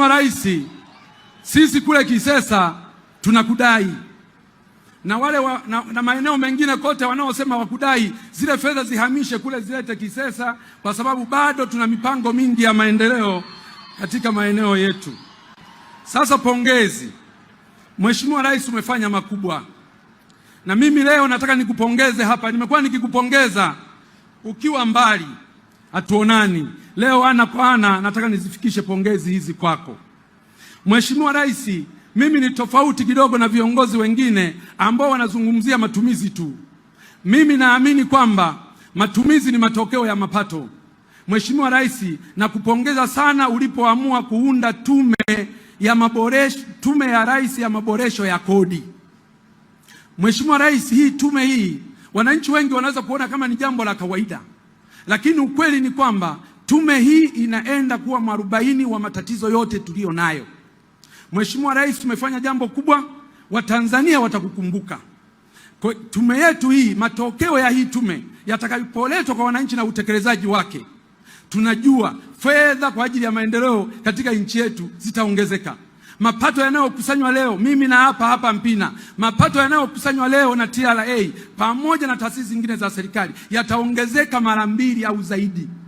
Mheshimiwa Rais, sisi kule Kisesa tunakudai na wale wa, na, na maeneo mengine kote wanaosema wakudai, zile fedha zihamishe kule zilete Kisesa, kwa sababu bado tuna mipango mingi ya maendeleo katika maeneo yetu. Sasa pongezi, Mheshimiwa Rais, umefanya makubwa, na mimi leo nataka nikupongeze hapa. Nimekuwa nikikupongeza ukiwa mbali hatuonani leo ana kwa ana. Nataka nizifikishe pongezi hizi kwako Mheshimiwa Rais. Mimi ni tofauti kidogo na viongozi wengine ambao wanazungumzia matumizi tu. Mimi naamini kwamba matumizi ni matokeo ya mapato. Mheshimiwa Rais, nakupongeza sana ulipoamua kuunda tume ya maboresho, tume ya rais ya maboresho ya kodi. Mheshimiwa Rais, hii tume hii wananchi wengi wanaweza kuona kama ni jambo la kawaida lakini ukweli ni kwamba tume hii inaenda kuwa mwarobaini wa matatizo yote tuliyo nayo. Mheshimiwa Rais, tumefanya jambo kubwa, Watanzania watakukumbuka. Kwa tume yetu hii, matokeo ya hii tume yatakapoletwa kwa wananchi na utekelezaji wake, tunajua fedha kwa ajili ya maendeleo katika nchi yetu zitaongezeka mapato yanayokusanywa leo, mimi na hapa hapa Mpina, mapato yanayokusanywa leo na TRA pamoja na taasisi zingine za serikali yataongezeka mara mbili au zaidi.